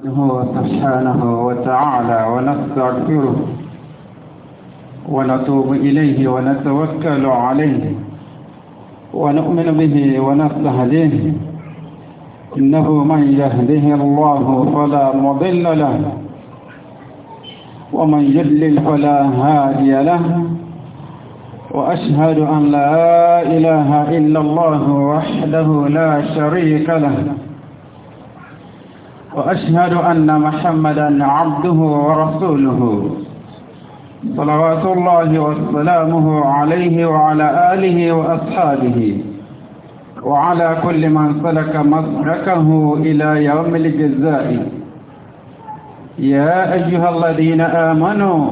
هو سبحانه وتعالى ونستغفره ونتوب إليه ونتوكل عليه ونؤمن به ونستهديه إنه من يهده الله فلا مضل له ومن يضلل فلا هادي له وأشهد أن لا إله إلا الله وحده لا شريك له وأشهد أن محمدا عبده ورسوله صلوات الله وسلامه عليه وعلى آله وأصحابه وعلى كل من سلك مسلكه إلى يوم الجزاء يا أيها الذين آمنوا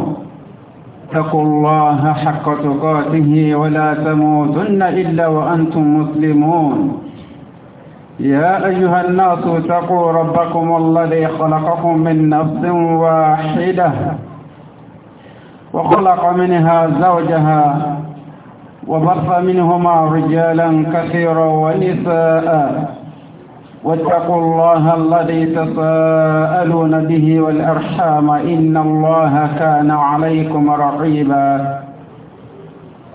اتقوا الله حق تقاته ولا تموتن إلا وأنتم مسلمون يا أيها الناس اتقوا ربكم الذي خلقكم من نفس واحدة وخلق منها زوجها وبرف منهما رجالا كثيرا ونساء واتقوا الله الذي تساءلون به والأرحام إن الله كان عليكم رقيباً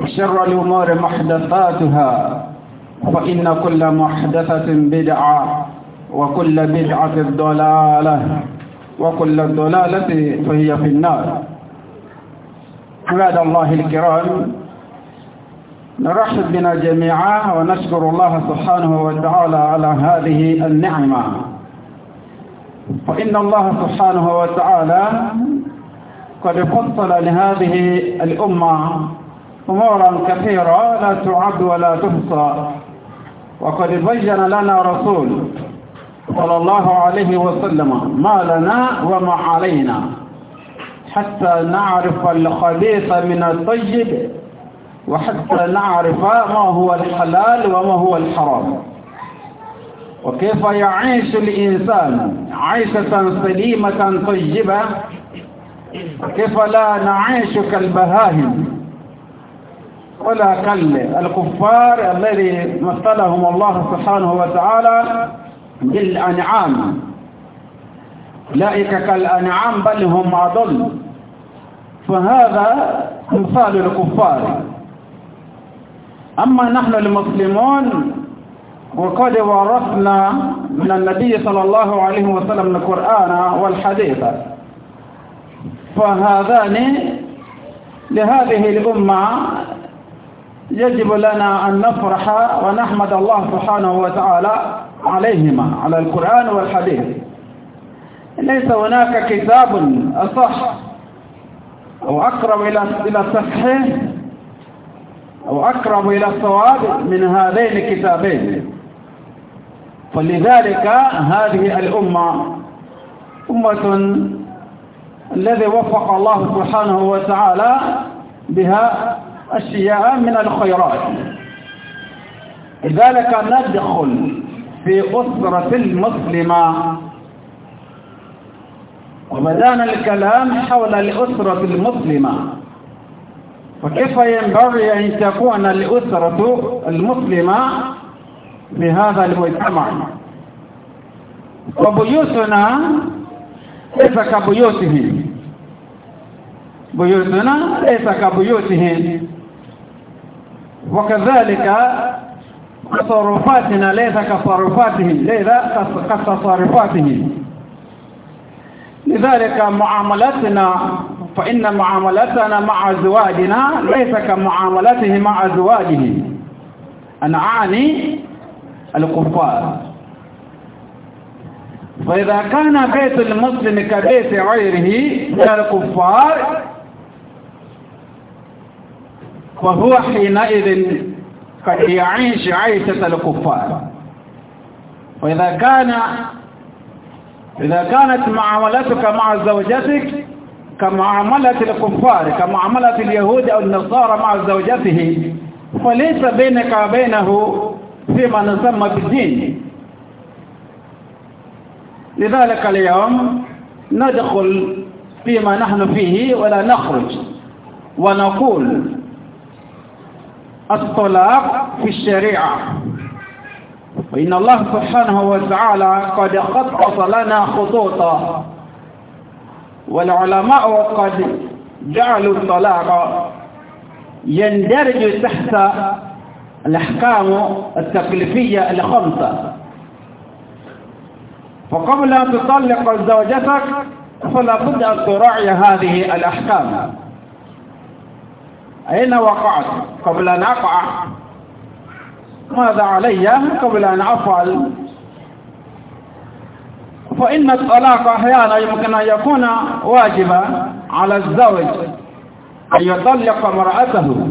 وشر الأمور محدثاتها فإن كل محدثة بدعة وكل بدعة ضلالة وكل ضلالة فهي في النار عباد الله الكرام نرحب بنا جميعا ونشكر الله سبحانه وتعالى على هذه النعمة فإن الله سبحانه وتعالى قد فصل لهذه الأمة أمورا كثيرة لا تعد ولا تحصى وقد بين لنا رسول صلى الله عليه وسلم ما لنا وما علينا حتى نعرف الخبيث من الطيب وحتى نعرف ما هو الحلال وما هو الحرام وكيف يعيش الإنسان عيشة سليمة طيبة وكيف لا نعيش كالبهائم ولا كل الكفار الذي مثلهم الله سبحانه وتعالى بالأنعام أولئك كالأنعام بل هم أضل فهذا مثال الكفار أما نحن المسلمون وقد ورثنا من النبي صلى الله عليه وسلم القرآن والحديث فهذان لهذه الأمة يجب لنا أن نفرح ونحمد الله سبحانه وتعالى عليهما على القرآن والحديث ليس هناك كتاب أصح أو أقرب إلى إلى التصحيح أو أقرب إلى الصواب من هذين الكتابين فلذلك هذه الأمة أمة الذي وفق الله سبحانه وتعالى بها أشياء من الخيرات لذلك ندخل في أسرة المسلمة وبدأنا الكلام حول الأسرة المسلمة وكيف ينبغي أن تكون الأسرة المسلمة في هذا المجتمع وبيوتنا ليس كبيوتهم بيوتنا ليس كبيوتهم وكذلك تصرفاتنا ليس كتصرفاتهم ليس كتصرفاتهم لذلك معاملتنا فإن معاملتنا مع أزواجنا ليس كمعاملته مع أزواجه أنا أعني الكفار فإذا كان بيت المسلم كبيت غيره من الكفار فهو حينئذ قد يعيش عيشة الكفار وإذا كان إذا كانت معاملتك مع زوجتك كمعاملة الكفار كمعاملة اليهود أو النصارى مع زوجته فليس بينك وبينه فيما نسمى بالدين لذلك اليوم ندخل فيما نحن فيه ولا نخرج ونقول الطلاق في الشريعة وإن الله سبحانه وتعالى قد خطط لنا خطوطا والعلماء قد جعلوا الطلاق يندرج تحت الأحكام التكليفية الخمسة فقبل أن تطلق زوجتك فلا بد أن تراعي هذه الأحكام أين وقعت قبل أن أقع ماذا علي قبل أن أفعل فإن الطلاق أحيانا يمكن أن يكون واجبا على الزوج أن يطلق امرأته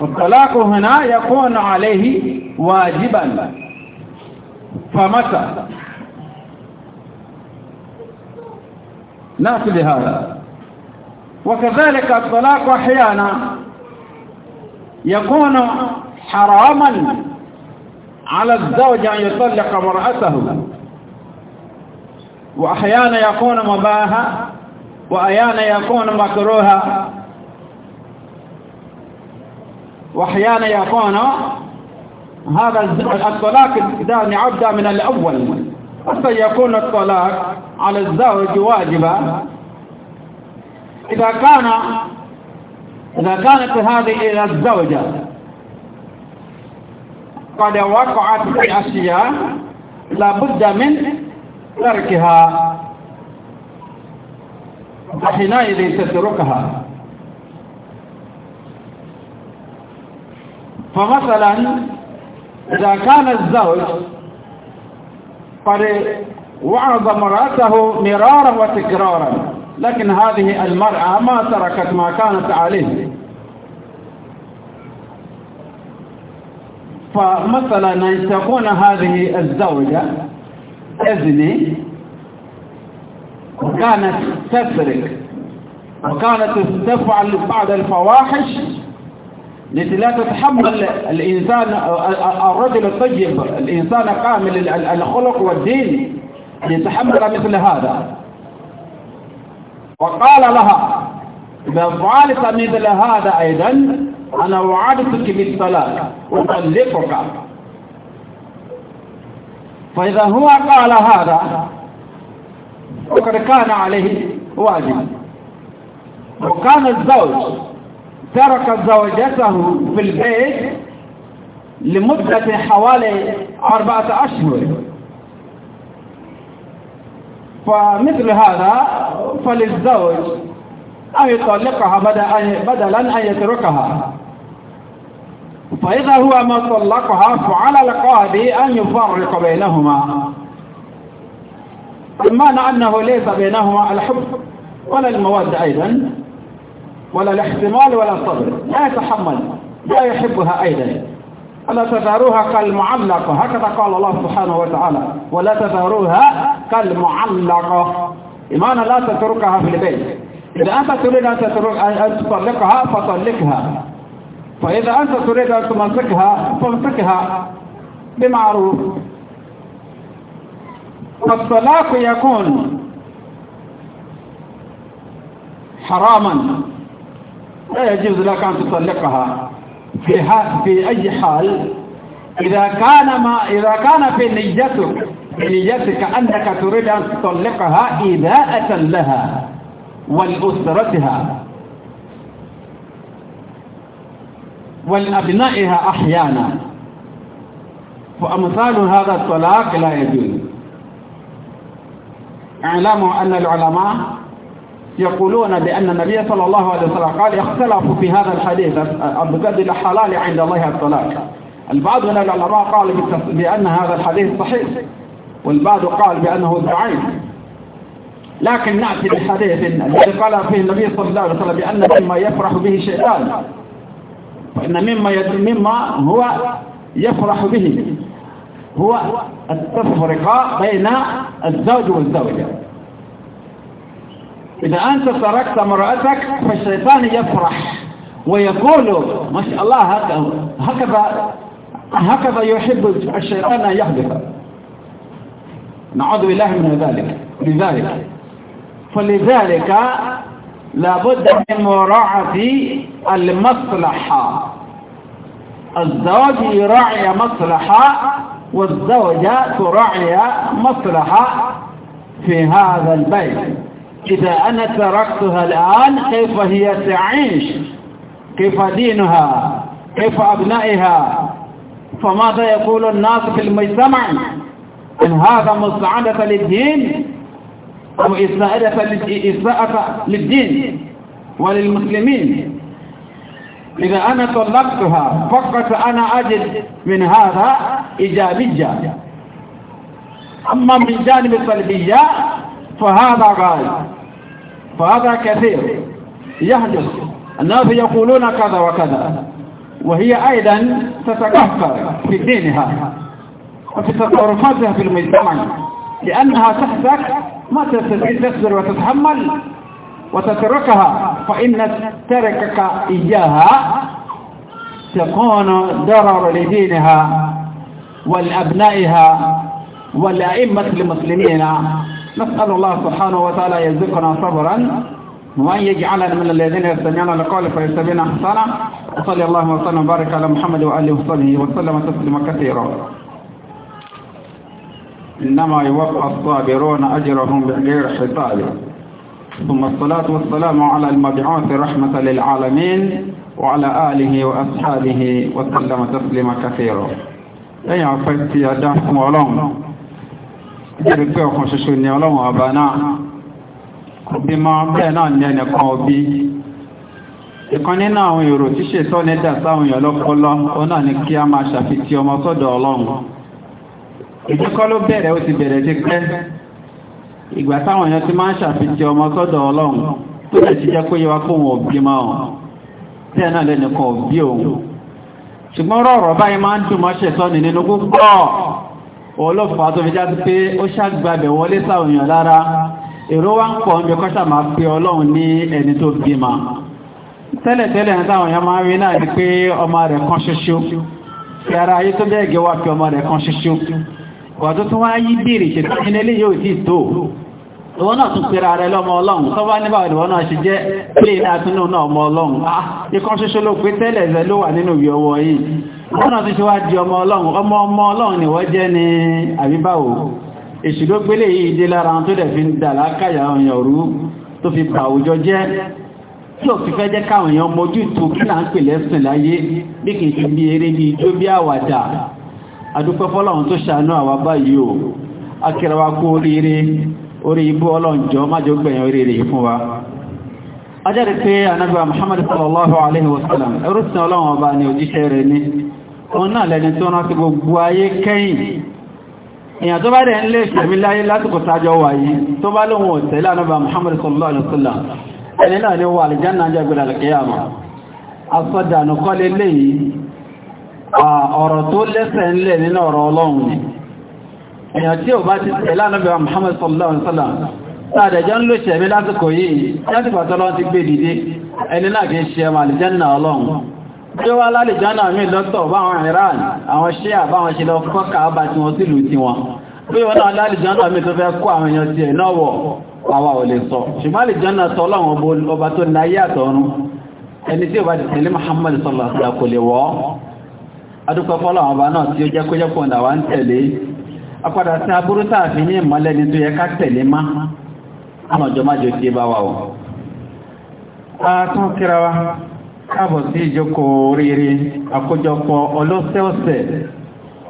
الطلاق هنا يكون عليه واجبا فمتى نأتي لهذا وكذلك الطلاق أحيانا يكون حراما على الزوج أن يطلق امرأته وأحيانا يكون مباها وأحيانا يكون مكروها وأحيانا يكون هذا الطلاق اذا نعبد من الأول حتى يكون الطلاق على الزوج واجبا إذا كان إذا كانت هذه الزوجة قد وقعت في أشياء لابد من تركها وحينئذ تتركها فمثلا إذا كان الزوج قد وعظ مراته مرارا وتكرارا لكن هذه المرأة ما تركت ما كانت عليه فمثلا أن تكون هذه الزوجة اذني وكانت تسرق وكانت تفعل بعض الفواحش التي لا تتحمل الإنسان الرجل الطيب الإنسان كامل الخلق والدين يتحمل مثل هذا وقال لها إذا فعلت مثل هذا أيضا أنا وعدتك بالصلاة أطلقك فإذا هو قال هذا وقد كان عليه واجب وكان الزوج ترك زوجته في البيت لمدة حوالي أربعة أشهر فمثل هذا فللزوج أن يطلقها بدلا أن يتركها فإذا هو ما طلقها فعلى القاضي أن يفرق بينهما المعنى أنه ليس بينهما الحب ولا المواد أيضا ولا الاحتمال ولا الصبر لا يتحمل لا يحبها أيضا ولا تذروها كالمعلقة هكذا قال الله سبحانه وتعالى ولا تذروها كالمعلقة إيمانا لا تتركها في البيت إذا أنت تريد أن تطلقها فطلقها فإذا أنت تريد أن تمسكها فامسكها بمعروف فالطلاق يكون حراما لا يجوز لك أن تطلقها في في أي حال إذا كان ما إذا كان في نيتك نيتك أنك تريد أن تطلقها إذاءة لها ولأسرتها ولأبنائها أحيانا فأمثال هذا الطلاق لا يجوز اعلموا أن العلماء يقولون بأن النبي صلى الله عليه وسلم قال اختلفوا في هذا الحديث البجد الحلال عند الله الطلاق البعض من العلماء قال بأن هذا الحديث صحيح والبعض قال بأنه ضعيف لكن نأتي بحديث الذي قال فيه النبي صلى الله عليه وسلم بأن مما يفرح به شيطان فإن مما مما هو يفرح به هو التفرقة بين الزوج والزوجة إذا أنت تركت امرأتك فالشيطان يفرح ويقول ما شاء الله هكذا هكذا يحب الشيطان أن يحدث نعوذ بالله من ذلك لذلك فلذلك لابد من مراعاة المصلحة الزوج يراعي مصلحة والزوجة تراعي مصلحة في هذا البيت إذا أنا تركتها الآن كيف هي تعيش كيف دينها كيف أبنائها فماذا يقول الناس في المجتمع إن هذا مصعدة للدين أو إساءة للدين وللمسلمين إذا أنا طلقتها فقط أنا أجد من هذا إيجابية أما من جانب السلبية فهذا غالب فهذا كثير يحدث الناس يقولون كذا وكذا وهي أيضا تتكفر في دينها وفي تصرفاتها في المجتمع لأنها تحتك ما تستطيع تصبر وتتحمل وتتركها فإن تركك إياها تكون ضرر لدينها ولأبنائها ولأئمة المسلمين نسأل الله سبحانه وتعالى يرزقنا صبرا وأن يجعلنا من الذين يستمعون القول فيتبعون أحسنه وصلى الله وسلم وبارك على محمد وآله وصحبه وسلم تسليما كثيرا إنما يوفى الصابرون أجرهم بغير حساب ثم الصلاة والسلام على المبعوث رحمة للعالمين وعلى آله وأصحابه وسلم تسليما كثيرا. أيها فتي أدعكم ولوم jẹ́rìí pé ọ̀kan ṣoṣo ni ọlọ́run ọba náà òbí ma bẹ́ẹ̀ náà ní ẹnìkan òbí ìkan nínú àwọn èrò tí ṣètọ́ ní dà sáwọn èèyàn lọ́pọ̀lọ́ ó náà ní kí a máa ṣàfitì ọmọ sọ́dọ̀ ọlọ́run ìdíkọ́ ló bẹ̀rẹ̀ ti bẹ̀rẹ̀ ti ti máa náà lẹ́nìkan òbí òun ṣùgbọ́n rọ̀rọ̀ báyìí máa ń nínú ọlọ́pàá tó fi já ti pé ó ṣàgbàbẹ̀ wọlé sáwòyàn lára èrò wá ń pọ̀ ọmọ kọ́ṣà máa pé ọlọ́run ní ẹni tó bí tẹ́lẹ̀tẹ́lẹ̀ ní máa rí náà ni pé ọmọ rẹ̀ kan ṣoṣo fi ara ayé tó bẹ́ẹ̀gẹ́ wá fi ọmọ rẹ̀ kan ṣoṣo wà tó tún wá yí ìwọ́n náà tún pèrà rẹ lọ́mọ ọlọ́run tó bá níbà ìwọ́n náà ṣe jẹ́ ilé iná àtúnú náà ọmọ ọlọ́run ikọ́ ah, ṣoṣo ló pé tẹ́lẹ̀ ẹ̀zẹ̀ ló wà nínú ìwé yìí náà tún ṣe wá di ọmọ ọlọ́run ọmọ ọlọ́run ni wọ́n jẹ́ ní àbíbáwò èṣù ló gbélé yìí dé lára wọn tó dẹ̀ fi ń dà lákàyà ọ̀yàn òru tó fi bà àwùjọ jẹ́ tí ò fi fẹ́ orí ibú ọlọ́njọ́ májọ gbẹ̀yàn orí rẹ̀ fún wa ajẹ́rẹ̀ pé anábíwa Muhammad sallallahu alaihi wasallam ẹrùsìn ọlọ́run ọba ni òjíṣẹ́ rẹ̀ ní òun náà lẹni tó rán sí gbogbo ayé kẹ́yìn èyàn tó bá dẹ̀ ń lè ṣẹ̀mí láyé lásìkò tájọ wà yìí tó bá lóhun òtẹ́lẹ̀ anábíwa Muhammad sallallahu alaihi wasallam ẹni náà ni èèyàn tí ò bá ti tẹ̀lá náà Muhammad sallallahu alaihi wasallam sáàdẹ̀jọ́ ń lò ṣẹ̀mí lásìkò yìí láti pàtọ́lọ́ ti gbé dìde ẹni náà kìí ṣe ẹmà àlìjánà ọlọ́run tí ó wá lálìjánà mi lọ́tọ̀ báwọn Iran àwọn ṣe àbáwọn ṣe lọ fọ́kà ọba tí wọ́n sí lù tí wọn bí wọ́n náà lálìjánà mi tó fẹ́ kó àwọn èèyàn ti ẹ̀ náà wọ̀ àwa ò lè sọ ṣùgbọ́n ẹni tí ó bá ti tẹ̀lé Muhammad sallallahu alaihi wasallam kò lè wọ́ adúpẹ́fọ́lọ́run ọba náà tí ó jẹ́ kó jẹ́ pọ̀ apádà sí aburú tààfi ní ìmọ̀lẹ́ni tó yẹ ká tẹ̀lé má àmọ̀jọmájọ tí bá wà ọ̀ ààtún kíra wa káàbọ̀ sí ìjókòó rírí àkójọpọ̀ ọlọ́sẹ̀ọ̀sẹ̀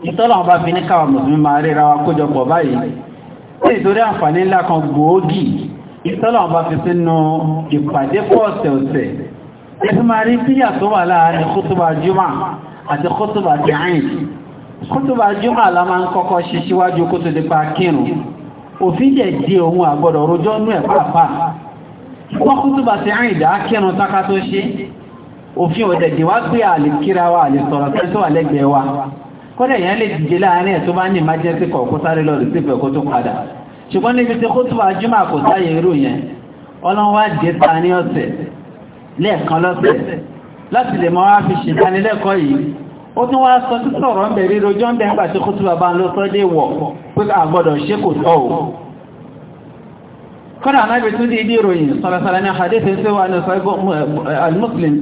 ìtọ́lọ̀wọ́n bá fi ní káwà mùsùlùmí máa ríra wa kójọpọ̀ báyìí nítorí àǹfààní ńlá kan gbòógì ìtọ́lọ̀wọ́n bá jùmọ̀ àti kótóbà jẹ́ kútùbà jùmọ̀ la máa ń kọ́kọ́ ṣe síwájú kó tó di pa kírun òfin jẹ́ di ohun àgbọ̀dọ̀ rojọ́ nú ẹ̀ pàápàá wọ́n kútùbà sí àrìn ìdá kírun tó ṣe òfin ọ̀dẹ̀dẹ̀ wá pé àlè kíra wa àlè wa kọ́dẹ̀ yẹn lè dìde láàárín ẹ̀ tó bá ní emergency kọ̀ kó sáré lọ rìsífẹ̀ kó tó padà ṣùgbọ́n níbi tí kútùbà jùmọ̀ kò sáyé irú yẹn ọlọ́wà jẹ́ ta ní ọ̀sẹ̀ lẹ́ẹ̀kan láti lè mọ́ wá fi ṣèdánilẹ́kọ̀ọ́ yìí ó tún wá sọ títí ọ̀rọ̀ ń bẹ̀rẹ̀ rojọ́ ń bẹ̀rẹ̀ àti kútù bàbá ń lọ sọ́dé wọ̀ pé a gbọ́dọ̀ ṣe kò tọ́ ò kọ́nà anábi tún dí ilé ìròyìn sọ̀rọ̀sọ̀rọ̀ ní àdéfẹ́ tí wà ní al-muslim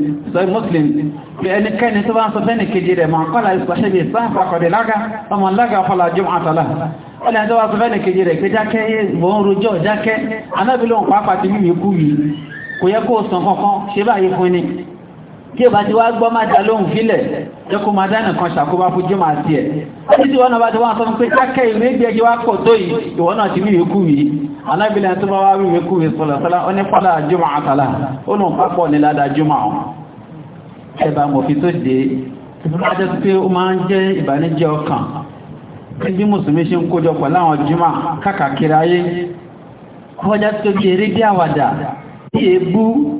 bí ẹnikẹ́ni tó bá ń sọ fẹ́ni kejì rẹ̀ máa kọ́lá ìsọ̀ṣẹ́bì sáàpàkọ̀dẹ̀ lága ọmọ lága fọ́lá jùmọ̀tàlá ọlẹ́ tó bá sọ fẹ́ni kejì rẹ̀ pé jákẹ́ wọ́n rojọ́ jákẹ́ anábi lóhun pàápàá kí ẹbà ti wá gbọ́ máa jà lóhun fílẹ̀ jẹ́ kó máa dánà kan ṣàkóbá fún jẹ́ máa ti ẹ̀ títí wọ́n náà bá ti wá sọ pé kákẹ́ ìwé jẹ́ kí wá pọ̀ tó yìí ìwọ́n náà ti wíwé kúwì alábìlẹ̀ tó bá wá wíwé kúwì sọ̀lọ̀sọ́lá ó ní pọ́lá jùmọ̀ àtàlà ó lóun pápọ̀ ní ládà jùmọ̀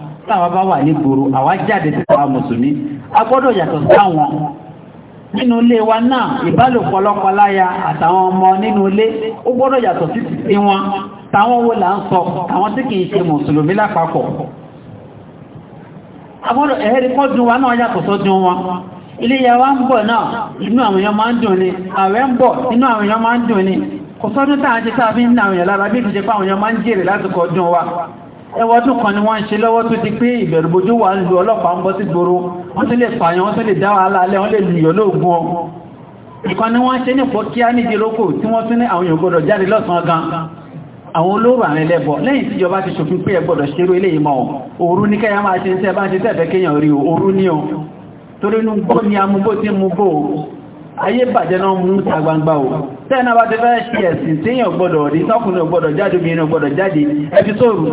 táwọn bá wà ní gbòòrò àwa jáde sí àwọn mùsùlùmí a gbọ́dọ̀ yàtọ̀ sáwọn nínú ilé wa náà ìbálòpọ̀ lọ́kọláya àtàwọn ọmọ nínú ilé ó gbọ́dọ̀ yàtọ̀ sí ti wọn táwọn wo là ń sọ àwọn tí kìí ṣe mùsùlùmí lápapọ̀ agbọ́dọ̀ ẹ̀ẹ́rì kọ́dún wa náà yàtọ̀ sọ́dún wọn ilé ya wa ń bọ̀ náà inú àwọn èèyàn máa ń dùn ni àwẹ̀ ń bọ̀ inú àwọn èèyàn máa ń dùn ni kò sọ́dún táà ń sáà fi ń ná èèyàn lára bí ìtúnṣe fáwọn èèyàn máa ń jèrè lásìkò ọdún wa ẹwọ́ tún kan ni wọ́n ń ṣe lọ́wọ́ tó ti pé ìbẹ̀rùbojú wà ń lu ọlọ́pàá ń bọ́ sí gboro wọ́n tún lè pààyàn wọ́n tún lè dáwà alálẹ́ wọ́n lè lùyọ̀ lóògùn ọ ìkan ni wọ́n ṣe nípò kíá nídìí lóko tí wọ́n tún ní àwọn èèyàn gbọ́dọ̀ jáde lọ́sàn gan àwọn olóró àrin lẹ́bọ̀ lẹ́yìn tí ìjọba ti ṣòfin pé ẹ gbọ́dọ̀ ṣerú ilé ìmọ̀ òru ní kẹ́yà máa ṣe ń tẹ́ bá ń ṣe tẹ́ẹ̀fẹ́ kéèyàn rí òru ní o torí inú gbó ni amúgbó tí ti fẹ́ ṣe ẹ̀sìn tí èèyàn gbọ́dọ̀ rí tọ́kùnrin gbọ́dọ̀ jáde obìnrin gbọ́dọ̀ jáde ẹbí sóòrù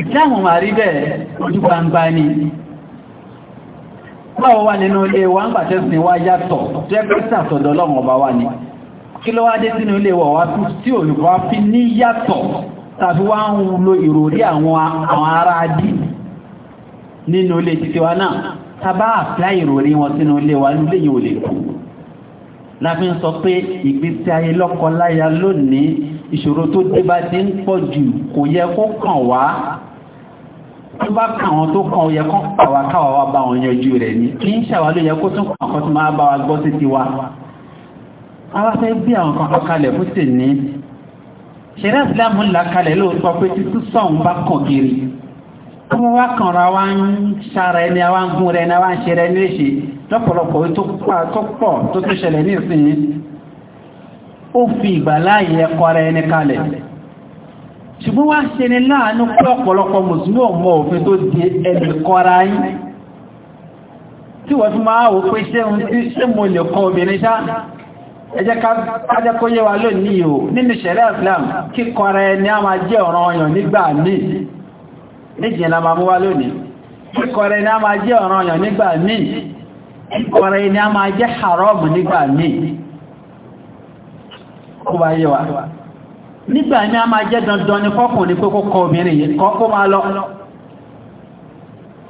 ìsìláàmù máa rí bẹ́ẹ̀ ojú gbangba ni báwo wà nínú ilé wa ń pàtẹ́ sí wá yàtọ̀ jẹ́gbẹ́sà sọ̀dọ̀ ọlọ́run ọba wa ni kí ló wá dé sínú ilé wa wá tí olùkọ́ fi ní yàtọ̀ tàbí wá ń lo ìròrí àwọn ará dí nínú ilé títí wa náà tàbá àpíá sọ pé ìgbésí ayé lọ́kọ láya lónìí ìṣòro tó dé ti ń pọ̀ jù kò yẹ kó kàn wá tó bá kà wọn tó kàn yẹ kán pàwà káwà wá bá wọn yanjú rẹ̀ ní kí ń ṣàwà ló yẹ kó tún kàn kan tó máa bá wa gbọ́ sí ti wa àwa fẹ́ bí àwọn kan kakalẹ̀ fún sì ní ṣẹ̀rẹ́ ìsìlámù ńlá kalẹ̀ lóòótọ́ pé títú sọ̀hún bá kàn kiri tó wá kàn wá ń ṣara ẹni àwa ń gún rẹ ẹni àwa ń ṣe rẹ ní èṣe lọ́pọ̀lọpọ̀ tó pọ̀ tó tó ṣẹlẹ̀ ní ìsìn ó fi ìgbàláyè ẹkọ ẹni kalẹ̀ ṣùgbọ́n wá ṣe ni láàánú pé ọ̀pọ̀lọpọ̀ mùsùlùmí ọmọ òfin tó di ẹni kọ́ra yín tí wọ́n fi máa wò pé ṣé mo lè kọ obìnrin ṣá ẹjẹ́ kájẹ́ wa lónìí o nínú ṣẹ̀rẹ́ Islam kí kọ́ra ẹni a máa jẹ́ ọ̀ràn ọyàn nígbà míì níjìn la máa mú wá lónìí kí kọ́ra ẹni a máa nígbà ní a máa jẹ́ dandan ní kọkùnrin pé kó kọ obìnrin yìí kọ́ kó máa lọ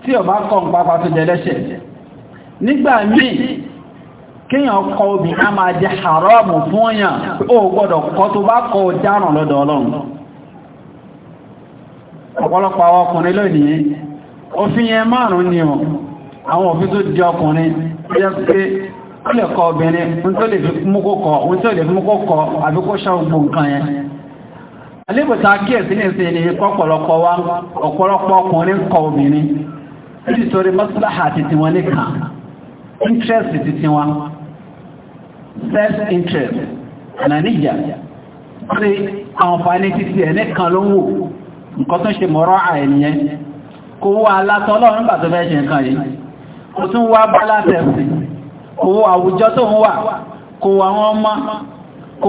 tí ọba kọ́ ń pápá tó jẹ́lẹ́ṣẹ̀ nígbà míì kíyàn kọ obìnrin a máa jẹ́ haramu fún yàn ó gbọ́dọ̀ kọ́ tó bá kọ dáràn lọ́dọ̀ ọlọ́run ọ̀pọ̀lọpọ̀ àwọn ni ọ̀ àwọn òfin tó di ọkùnrin yẹ́ pé ó lè kọ obìnrin ohun tó lè fi mú kó alébòsá kíyèsí ní ìsìn ní pọ́pọ̀lọpọ̀ wa ọ̀pọ̀lọpọ̀ ọkùnrin kọ obìnrin nítorí títí wọn nìkan interest títí wọn self interest ànàníjà sí àǹfààní títí ẹ̀ nìkan ló ń wò nǹkan tó ṣe mọ́rọ́ àìníyẹn kò wá nígbà tó fẹ́ ṣe nǹkan yìí kò tún wá tẹ̀sí kò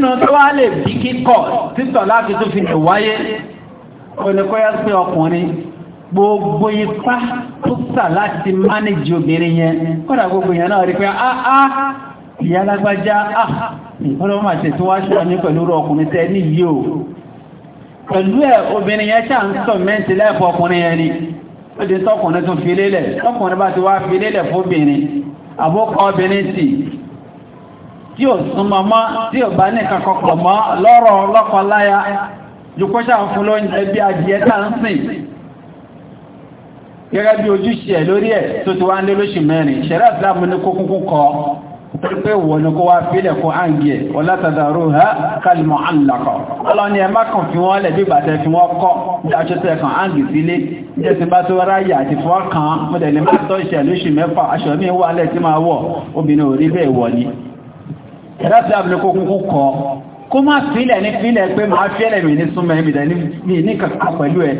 nínú tó wá lè bí kíkọ̀ títọ̀ láti tó fi lè wáyé olùkọ́yá sí ọkùnrin gbogbo ipá tó sà láti mánéjì obìnrin yẹn kọ́dà gbogbo yẹn náà rí pé áá ah, ah, ìyá lágbájá áà ah, ọlọ́wọ́ máa tètè wá ṣọ́ ní pẹ̀lú ọkùnrin tẹ́ ní yìí o pẹ̀lú ẹ̀ obìnrin yẹn ṣáà ń sọ mẹ́ǹtì láìpọ̀ ọkùnrin yẹn ni tí ò súnmọ́ mọ́ tí ò bá ní kankan pọ̀ mọ́ lọ́rọ̀ ọlọ́kọ̀ láya jùkọ́ṣà fún ló ń jẹ bí adìẹ tá ń sìn gẹ́gẹ́ bí ojúṣe ẹ̀ lórí ẹ̀ tó ti wá ń lé lóṣù mẹ́rin ṣẹ̀rẹ́ àtìláàmù ní kó kúkú kọ́ pé wọ́n ní kó wá fílẹ̀ kó áǹgì ẹ̀ ọlátàdàrú ha kalmọ̀ àlàkọ̀ ọlọ́ni ẹ má kàn fi wọ́n lẹ̀ ni ẹ̀dáfẹ́ àbìlẹ̀kó kúkú kọ́ kó má fílẹ̀ ní fílẹ̀ pé máa fílẹ̀ mi ní súnmọ́ ẹ̀mìdẹ̀ ní kankan pẹ̀lú ẹ̀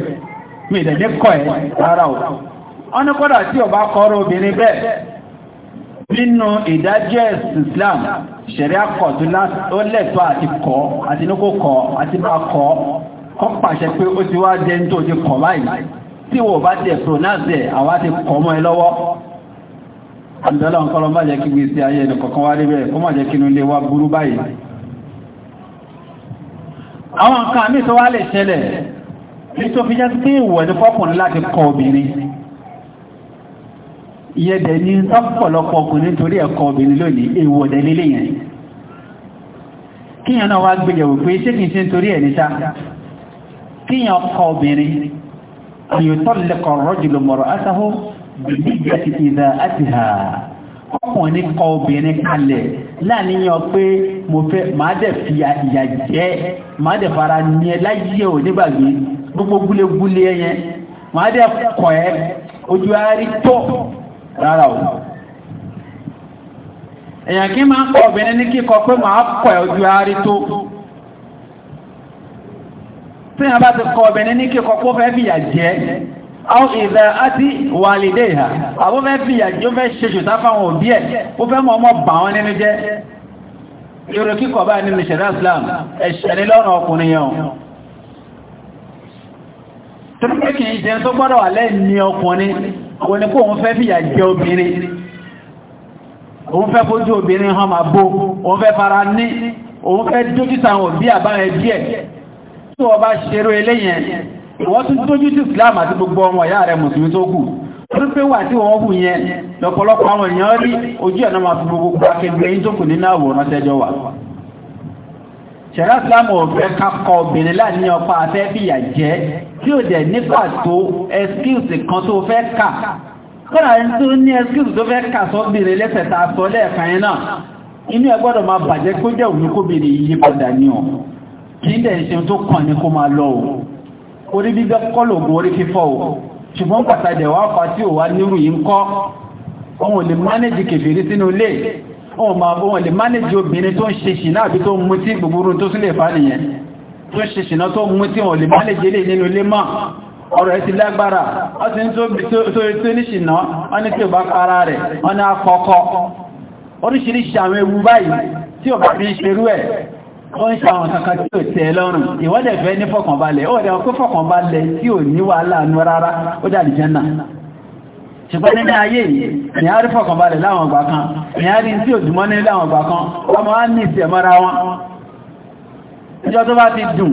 mìdẹ̀ ní kọ́ ẹ̀ rárá o wọ́n ní kọ́dà tí ọba kọ́rọ̀ obìnrin bẹ́ẹ̀ nínú ìdájọ́ Islam ṣẹ̀ríà kọ̀ tó lẹ́tọ́ àti kọ́ àti ní kó kọ́ àti bá kọ́ kọ́ pàṣẹ pé ó ti wá jẹ́ ní tó ti kọ̀ báyìí tí àdúrà ọ̀kọ́rọ̀ má jẹ́ kí gbé sí ayé ẹni kọ̀kan wá rí bẹ́ẹ̀ kó má jẹ́ kí inú ilé wa burú báyìí àwọn nǹkan àmì tó wá lè ṣẹlẹ̀ ní tó fi jẹ́ sí ìwọ̀ fọ́kùnrin láti kọ obìnrin bìbíjẹ́ ti ìdá àti hà ọkùnrin kọ obìnrin kalẹ̀ láàníyàn pé mo fẹ́ máa dẹ̀ fi ìyà jẹ́ máa dẹ̀ fara ní ẹ láyé ò nígbàgbé gbogbo gúlégúlé ẹyẹn máa dẹ̀ kọ̀ ẹ́ ojú àárí tó rárá o èèyàn kí máa ń kọ obìnrin ní kíkọ pé máa kọ̀ ẹ́ ojú àárí tó tí wọ́n bá ti kọ obìnrin ní kíkọ pé ó fẹ́ fìyà jẹ́ àwọn ìdá àti wàlìdé ìhà àwọn fẹ́ fìyà jí ó fẹ́ ṣe ṣùtá fáwọn òbí ẹ̀ ó fẹ́ mọ́ ọmọ bà wọn nínú jẹ́ ìrò kíkọ̀ bá nínú ìṣẹ̀dá Islam ẹ̀ṣẹ̀ ní lọ́nà ọkùnrin yẹn tó pé kì í ṣe tó gbọ́dọ̀ wà lẹ́ni ọkùnrin kò ní kó òun fẹ́ fìyà jẹ obìnrin òun fẹ́ fojú obìnrin hàn wọ́n tún tójú sí Islam àti gbogbo ọmọ ìyá rẹ̀ mùsùlùmí tó kù pípé wà tí wọ́n hù yẹn lọ́pọ̀lọpọ̀ àwọn èèyàn rí ojú ẹ̀nà máa fi gbogbo akẹgbẹ́ yìí tó kù nínú àwòrán tẹ́jọ wà ṣẹ̀rá Islamu ọ̀fẹ́ kakọ obìnrin láàrin ọpa afẹ́ fìyà jẹ́ tí ó dẹ̀ nípa tó ẹskíùsì kan tó fẹ́ kà kọ́nà tó ní ẹskíùsì tó fẹ́ kà inú ẹ gbọ́dọ̀ bàjẹ́ kó jẹ́ òun kóbìnrin yí padà ní ọ̀ kí ń dẹ̀ tó kàn ní kó máa lọ orí gbígbẹ́ kọ́ lògùn orí fífọ́ o ṣùgbọ́n pàtàkì wá fa tí ò wá nírú yìí ń kọ́ òun lè mánéjì kèfèrí sínú ilé òun lè mánéjì obìnrin tó ń ṣe ṣìnà àbí tó ń mutí gbogbo tó sílẹ̀ fà nìyẹn tó ń ṣe ṣìnà tó ń mutí òun lè mánéjì ilé nínú ilé mọ́ ọ̀rọ̀ ẹ̀ ti lágbára ó tó ní ṣìnà wọ́n ní tí ò bá para rẹ̀ wọ́n ní akọ́kọ́ oríṣiríṣi àwọn ewu báyìí tí ò bá fi ń ṣerú ẹ̀ ó ń ṣàwọn kankan tí ò tẹ́ lọ́rùn ìwọ́dẹ̀ fẹ́ ní fọkànbalẹ̀ ó dẹ̀ ọkọ́ fọkànbalẹ̀ tí ò ní wàhálà nú rárá ó dàdì jẹ́nà ṣùgbọ́n nínú ayé yìí ni a rí fọkànbalẹ̀ láwọn ọgbà kan ni a rí tí ò dùnmọ́ ní láwọn ọgbà kan ọmọ á ní ìsẹ̀mọ́ra wọn ìjọ tó bá ti dùn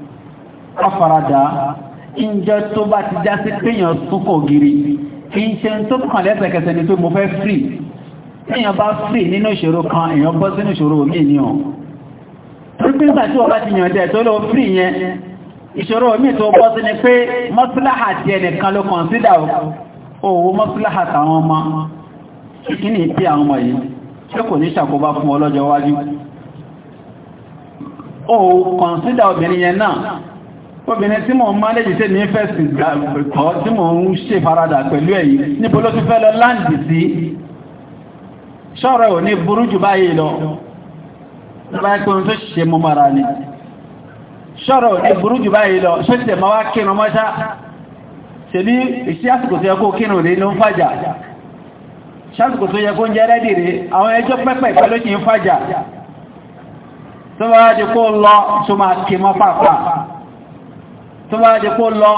ọ̀farada ìjọ tó bá ti já sí péyàn súnkọ̀ gírí kí n ṣe tó kàn lẹ́sẹ̀kẹsẹ̀ ni pé mo fẹ́ fìrì téèyàn bá fìrì nínú ìṣòro kan èèyàn bọ́ sínú ìṣòro míì ni ọ̀ pípínsà tí wọ́n bá ti yàn dẹ̀ tó lọ fìrì yẹn ìṣòro míì ni pé mọ́síláhà ti ẹnìkan ló kàn ni ìpí àwọn ọmọ yìí ṣé kò ní ṣàkóbá fún ọlọ́jọ́ wájú ó kàn sídà obìnrin yẹn náà obìnrin tí mò ń mánéjì tẹ́ ní fẹ́sì kọ́ tí mò ń ṣe faradà pẹ̀lú èyí níbo ló ti fẹ́ lọ láǹdì sí ṣọ́rọ̀ ò burú jù báyìí lọ lọ́wọ́ tó ṣe mú mara ni ṣọ́rọ̀ ò ní burú jù báyìí lọ ṣó ti tẹ̀mọ́ wá kírun mọ́ṣá ṣèlú ìṣẹ́ àsìkò tó yẹ kó kírun rèé ló ń fàjà ṣásìkò tó yẹ kó ń tó bá jẹ́ kó lọ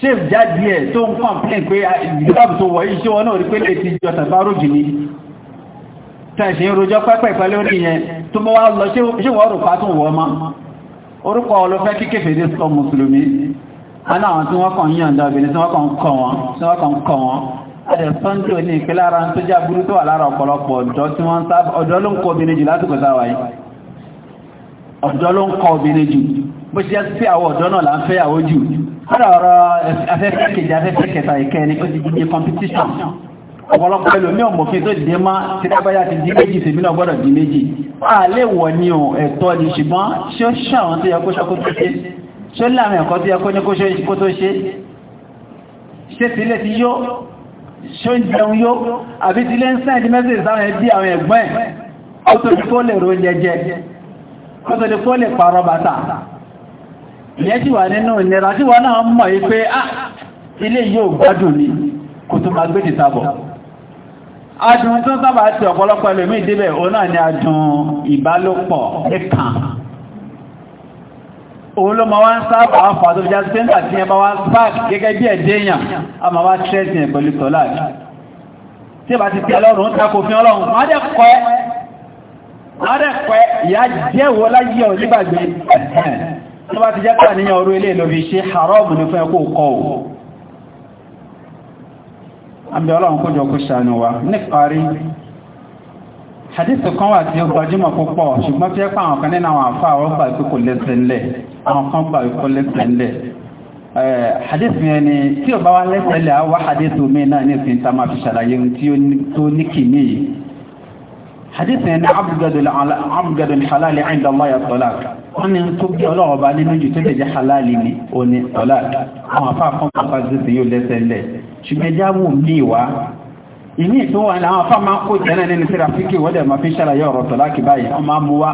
ṣéf jáde ẹ̀ tó ń kọ̀m̀plẹ̀n pé ah, ìgbàbù tó wọ̀ iṣẹ́ wọn náà rí pé lè ti jọ tàbárò jù ní tẹ̀ṣì ń rojọ́ pẹ́pẹ́ pẹ́ lórí yẹn tó bá wá lọ ṣé wọ́n rò pátún wọ́ ma orúkọ olófẹ́ kíkèfèdé sọ mùsùlùmí aláwọn tí wọ́n kàn yíyàn dábìnrin tí wọ́n kàn kọ̀ wọ́n tí wọ́n kàn kọ̀ wọ́n àdẹ̀ sọ́ndì ní ìpínlẹ̀ ara tó já burú tó wà lára ọ̀pọ̀lọpọ̀ ọ̀dọ́ tí wọ́n ń sáà ọ̀dọ́ ló ń kọ obìnrin jù bó ṣe sí àwọn ọ̀dọ́ náà là ń fẹ́yàwó jù ọ̀rọ̀ ọ̀rọ̀ afẹ́fẹ́ kejì afẹ́fẹ́ kẹta ìkẹni ó ti dìde competition ọ̀pọ̀lọpọ̀ ẹlòmí ọ̀mọ̀fin tó dìde má tí lábáyá ti di méjì tèmi náà gbọ́dọ̀ di méjì ààlè wọ̀ ni ò ẹ̀tọ́ ni ṣùgbọ́n ṣé ó ṣàwọn tó yẹ kó ṣọ́kó tó ṣe ṣé ó láàrin ẹ̀kọ́ tó yẹ kó ní kó tó ṣe ṣé sílẹ̀ ti yó ṣé ó ń jẹun yó àbí ti lé ń sẹ́ẹ̀dì mẹ́sẹ̀ẹ̀sì sáwọn ẹbí àwọn ẹ̀gbọ́n ẹ̀ ó tó bàtà ìyẹn tí wà nínú ìnira tí wà náà mọ̀ yí pé á ah, ilé yóò gbádùn ní kò tó máa gbé nìtàbọ̀ adùn tó sábà ti ọ̀pọ̀lọpọ̀ ẹlòmí ìdíbẹ̀ òun ni adùn ìbálòpọ̀ ẹ̀kàn òun ló máa wá ń sábà fà tó já sí nígbà tí ẹ bá wá spark gẹ́gẹ́ bí ìyá jẹ́wọ́ láyé ọ̀ nígbàgbé tó bá ti jẹ́ pà níyàn orú ilé lórí ṣe haram ní fún ẹkù kọ́ ò àbí ọlọ́run kójọ kó ṣàánú wa níparí hadith kan wà tí ó gbajúmọ̀ púpọ̀ ṣùgbọ́n tí ẹ pa àwọn kan nínú àwọn àfáà wọ́n gbà pé kò lẹ́sẹ̀ ńlẹ̀ àwọn hadith yẹn ni abdul halali inda allah ya tọ́lá wọ́n ní tó bí ọlọ́wọ́ bá nínú jù tó tẹ̀jẹ́ halali ni ó ní tọ́lá àwọn afá kan pàpà zèsè yóò lẹ́sẹ̀ lẹ̀ ṣùgbọ́n ẹjá wù mí wá ìní tó wà ní àwọn afá máa ń kó jẹ́nà nínú síra fíkì wọ́n dẹ̀ máa fi ṣàlàyé ọ̀rọ̀ tọ́lá báyìí wọ́n máa mú wá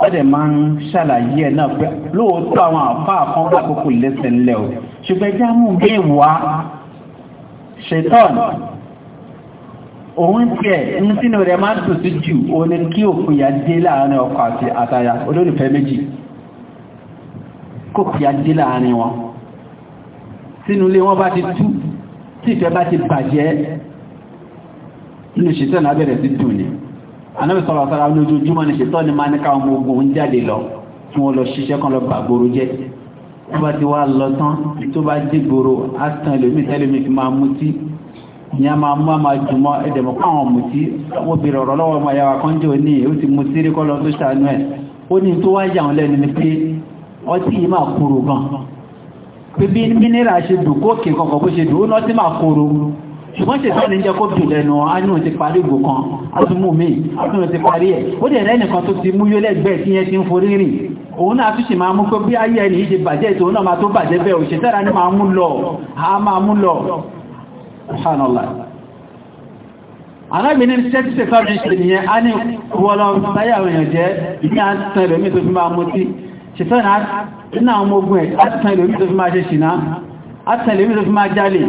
wọ́n dẹ̀ máa ń ṣàlàyé ẹ̀ náà pé lóòótọ́ àwọn afá kan pàpà kò lẹ́sẹ̀ lẹ̀ o ṣùgbọ́n ẹjá wù mí wá ṣetán òun tiẹ̀ ní sínú rẹ̀ máa tò sí jù òun ni kí òfin yà dé láàrin ọkọ àti àtaya olólùfẹ́ méjì kò fi yà dé láàrin wọn sínú ilé wọn bá ti tú tí ìfẹ́ bá ti bàjẹ́ nínú ṣètọ́ náà bẹ̀rẹ̀ sí tù ní anábì sọ̀rọ̀ sára lójoojúmọ́ ní ṣètọ́ ni máa ní káwọn ọmọ ogun ń jáde lọ tí wọ́n lọ ṣiṣẹ́ kan lọ gbàgbóró jẹ́ tó bá ti wá lọ tán tó bá dìgbòrò á tán ẹlòmíì fi máa mú tí ní a máa mú a máa jùmọ́ ẹ̀dẹ̀mọ̀ káwọn mú tí wọ́n bèèrè ọ̀rọ̀ lọ́wọ́ ọmọ ìyàwó akọ́njẹ́ òní ó ti mú sí rí kọ́lọ tó ṣàánú ẹ̀ ó ní tó wáyà wọn lẹ́nu ni pé ọtí yìí máa kúrò gan pé bí mínírà ṣe dùn kókè kọ̀kọ̀ bó ṣe dùn ó lọ́tí máa kúrò ṣùgbọ́n ṣe tọ́ni jẹ́ kó jù lẹ́nu anú ti parí ìgò kan atúmù mi atúmù ti parí ẹ̀ ó dẹ̀ lẹ́nìkan tó ti mú yólẹ́gbẹ́ tí yẹn ti ń forí rìn òun náà túnṣe máa mú pé bí ayé ẹni yìí ṣe bàjẹ́ ìtòun náà máa tó bàjẹ́ bẹ́ẹ̀ òṣèṣẹ́ra ní máa mú lọ subhanallah arábìnrin ṣẹ́tíṣẹ́ fábí ṣe nìyẹn a ní wọ́lọ́ táyàwó èèyàn jẹ́ ní à ń tàn ìlòmí tó fi máa mú tí ṣìfẹ́ náà nínú àwọn ọmọ ogun ẹ̀ á tàn ìlòmí tó fi máa ṣe ṣìná á tàn ìlòmí tó fi máa jálè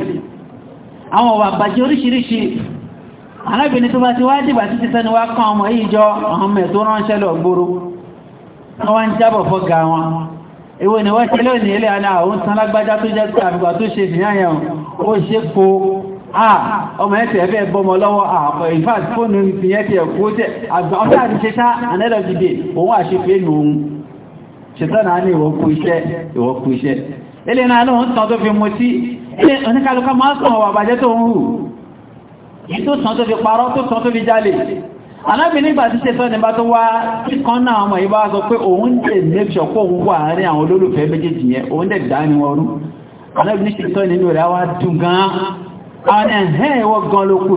àwọn ọ̀wà bàjẹ́ oríṣiríṣi arábìnrin tó bá ti wá dìgbà títí sẹ́ni wá kán ọmọ yìí jọ ọmọ ẹ̀ tó ránṣẹ́ lọ ìwọ ni wọ́n ṣe lónìí ilé àná àwọn tán lágbájá tó jẹ́ pé àbúgbà tó ṣe ìdíyàyàn ó ṣe kó ọmọ ẹ̀sẹ̀ ẹ̀fẹ́ bọ́mọ lọ́wọ́ àpọ̀ ìfàtí fóònù ìfìyẹ́ tẹ̀ kó tẹ̀ àgbà ọjọ́ àti ṣe tá anẹ́lọ dìde òun àṣepé nù ohun ṣetán ní ìwọ̀kú iṣẹ́ ìwọ̀kú iṣẹ́ ilé náà ló ń tàn tó fi mú sí ilé oníkàlùkà máa sàn wà bàjẹ́ tó ń hù tó tàn alábìnrin ìgbà tí ṣetán ní bá tó wá kíkan náà ọmọ yìí bá sọ pé òun dẹ̀ mẹ́fẹ́ kó òun wà ní àwọn olólùfẹ́ méjèèjì yẹn òun dẹ̀ dá ní ọrú alábìnrin ṣetán nínú rẹ̀ wá dùn gan àwọn ẹ̀hẹ́ ìwọ gan ló kú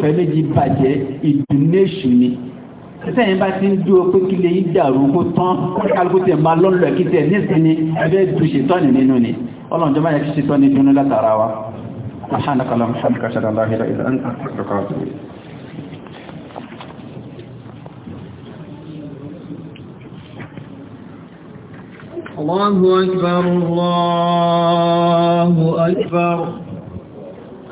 iṣẹ́ ìwọ sẹ́yìn bá ti ń dúró pé kí lè dàrú kó tán kálukú tẹ̀ máa lọ́lọ́ kí tẹ̀ nísìnyí ẹgbẹ́ du ṣètọ́nì nínú ni ọlọ́run jọba yẹ kí ṣètọ́nì dúnú látara wa. سبحانك اللهم وبحمدك اشهد ان لا اله الا انت استغفرك واتوب اليك الله أكبر الله أكبر